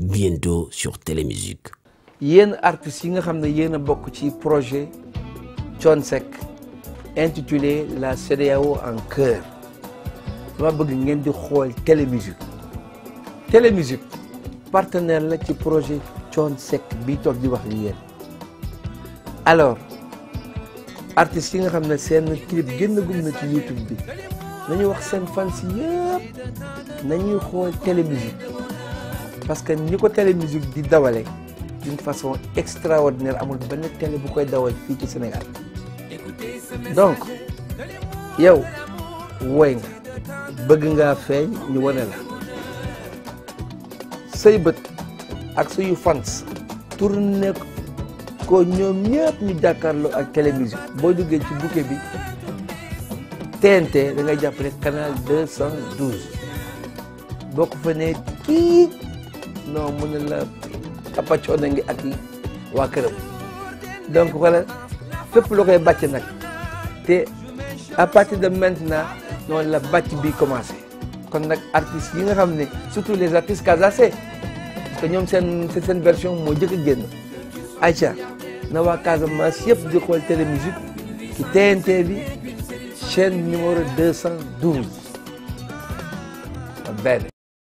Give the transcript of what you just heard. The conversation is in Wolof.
bientôt sur Télémusique. yéen artistes yi nga xam ne yéen a bokk ci projet Thione intitulé la CEDEAO en cœur va bëgg ngeen di xool Télémusique Télémusique partenaire la ci projet Thione Seck bi toog di wax yéen alors artistes yi nga xam ne seen clip génn gum na ci YouTube bi nañu wax seen fans yëpp nañuy xool Télémusique parce que ni ko télé musique di dawale d'une façon extraordinaire amul benn télé bu koy dawal fii ci Sénégal donc yow woy nga bëgg nga feeñ ñu wane la say bët ak yu fans tourné ko ñoom ñëpp ñu jàkkaarloo ak télé musique boo duggee ci bouquet bi TNT da ngay jàppale canal boo ko fa ne kii non mu ne la papa coono ngi ak këram donc wala fépp loo koy bàcc nag te à partir de maintenant non, la bàcc bi commencé kon nag artistes yi nga surtout les artistes casace parce que ñoom seen seen version moo jëkk a Aïcha na avons Casamance yëpp di xool télé musique qui TNT chaîne numéro 212 benn